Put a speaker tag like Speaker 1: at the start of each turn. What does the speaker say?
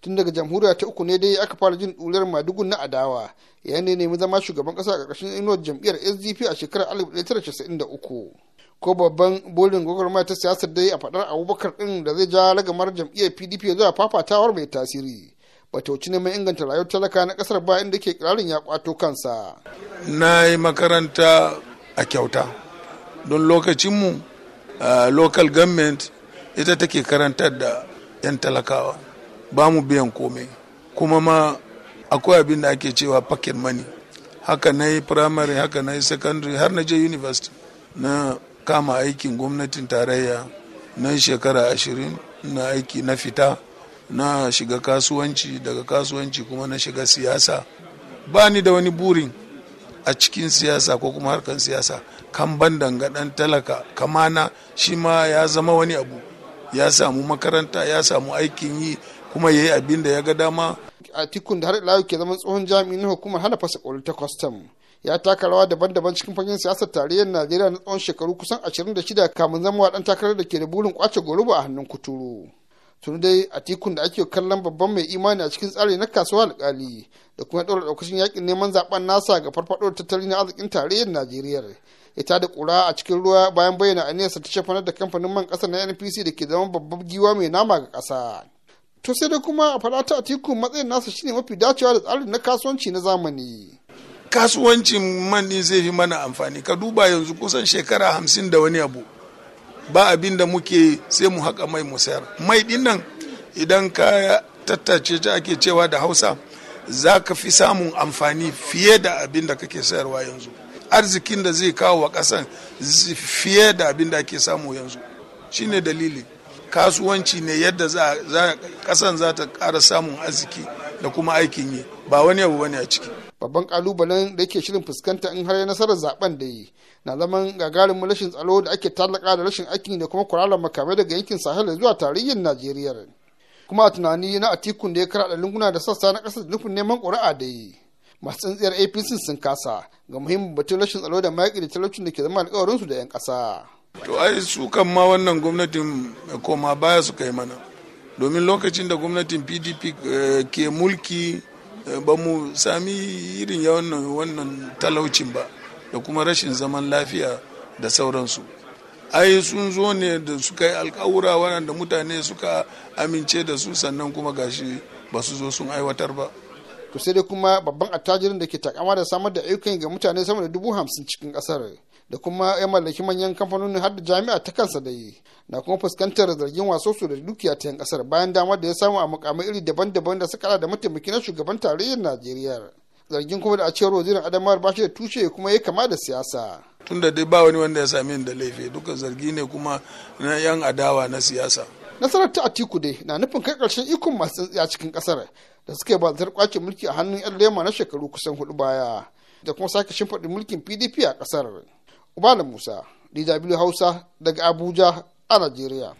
Speaker 1: tun daga jamhuriya ta uku ne dai aka fara jin dular madugun na adawa yayin ne nemi zama shugaban kasa a ƙarƙashin inuwar jam'iyyar sdp a shekarar 1993 ko babban bolin gwagwarmaya ta siyasar dai a faɗar abubakar ɗin da zai ja ragamar jam'iyyar pdp zuwa fafatawar mai tasiri bata wuce neman inganta rayuwar talaka na kasar ba inda ke ƙirarin ya ƙwato kansa
Speaker 2: na yi makaranta a kyauta don lokacinmu ah, local government ita take karantar da 'yan talakawa ba mu biyan komai kuma ma akwai abin da ake cewa pocket money haka na yi primary haka na yi secondary har na je university na kama aikin gwamnatin tarayya na shekara ashirin na aiki na fita na shiga kasuwanci daga kasuwanci kuma na shiga siyasa ba ni da wani burin a cikin siyasa ko kuma harkar siyasa kan ban dangadan talaka kamana shi ma ya zama wani abu ya samu makaranta ya samu aikin yi kuma ya yi abin da ya ga dama
Speaker 1: a tikun da har ila ke zama tsohon jami'in hukumar hana fasa ta kwastam ya taka rawa daban-daban cikin fagen siyasar tarayyar najeriya na tsawon shekaru kusan 26 kamun zama wa ɗan takarar da ke da burin kwace goruba a hannun kuturu tun dai a tikun da ake kallon babban mai imani a cikin tsari na kasuwa alkali da kuma ɗora ɗaukacin yakin neman zaben nasa ga farfaɗowar tattalin arzikin tarayyar najeriya ita da ƙura a cikin ruwa bayan bayyana aniyarsa ta shafanar da kamfanin man ƙasa na npc da ke zama babban giwa mai nama ga ƙasa to sai dai kuma a faɗa ta atiku matsayin nasa shine mafi dacewa da tsarin na kasuwanci na zamani
Speaker 2: kasuwancin mani zai fi mana amfani ka duba yanzu kusan shekara hamsin da wani abu ba abin da muke sai mu haƙa mai mu sayar mai din nan idan ka tattace ta ake cewa da hausa za ka fi samun amfani fiye da abin da kake sayarwa yanzu arzikin da zai kawo wa ƙasan fiye da abin da ake samu yanzu shine dalili kasuwanci ne yadda kasan za ta ƙara samun arziki da kuma aikin yi ba wani abu bane a ciki babban kalubalen da yake shirin
Speaker 1: fuskanta in har ya nasarar zaben da yi na zaman gagarin rashin tsaro da ake tallaka da rashin aikin da kuma kwararar makamai daga yankin sahel zuwa tarihin najeriya kuma a tunani na atikun da ya karaɗa lunguna da sassa na kasar nufin neman ƙuri'a da yi masu tsintsiyar apc sun kasa ga muhimmin batun rashin tsaro da mayaƙi da talaucin da ke zama alƙawarinsu da 'yan ƙasa
Speaker 2: to ai su kan ma wannan gwamnatin koma baya su kai mana domin lokacin da gwamnatin pdp eh, ke mulki eh, ba mu sami irin wannan talaucin ba da kuma rashin zaman lafiya da sauransu ai sun zo ne da suka yi alkawura waɗanda mutane suka amince da su sannan kuma gashi ba su zo sun aiwatar ba
Speaker 1: to sai dai kuma babban attajirin da ke takama da samar da ayyukan ga mutane sama da dubu hamsin cikin kasar da kuma ya mallaki manyan kamfanonin har da jami'a ta kansa da yi na kuma fuskantar zargin su da dukiya ta yan kasar bayan damar da ya samu a mukamai iri daban-daban da suka da mataimaki na shugaban tarayyar najeriya zargin kuma da a cewar wazirin adamawar bashi da tushe kuma ya kama da siyasa
Speaker 2: tunda dai ba wani wanda ya sami da laifi duka zargi ne kuma na yan adawa na siyasa
Speaker 1: nasarar ta atiku dai na nufin kai ƙarshen ikon masu tsintsiya cikin ƙasar da suka yi bazar kwace mulki a hannun yan lema na shekaru kusan hudu baya da kuma sake shimfiɗin mulkin pdp a ƙasar ubala musa dw hausa daga abuja a najeriya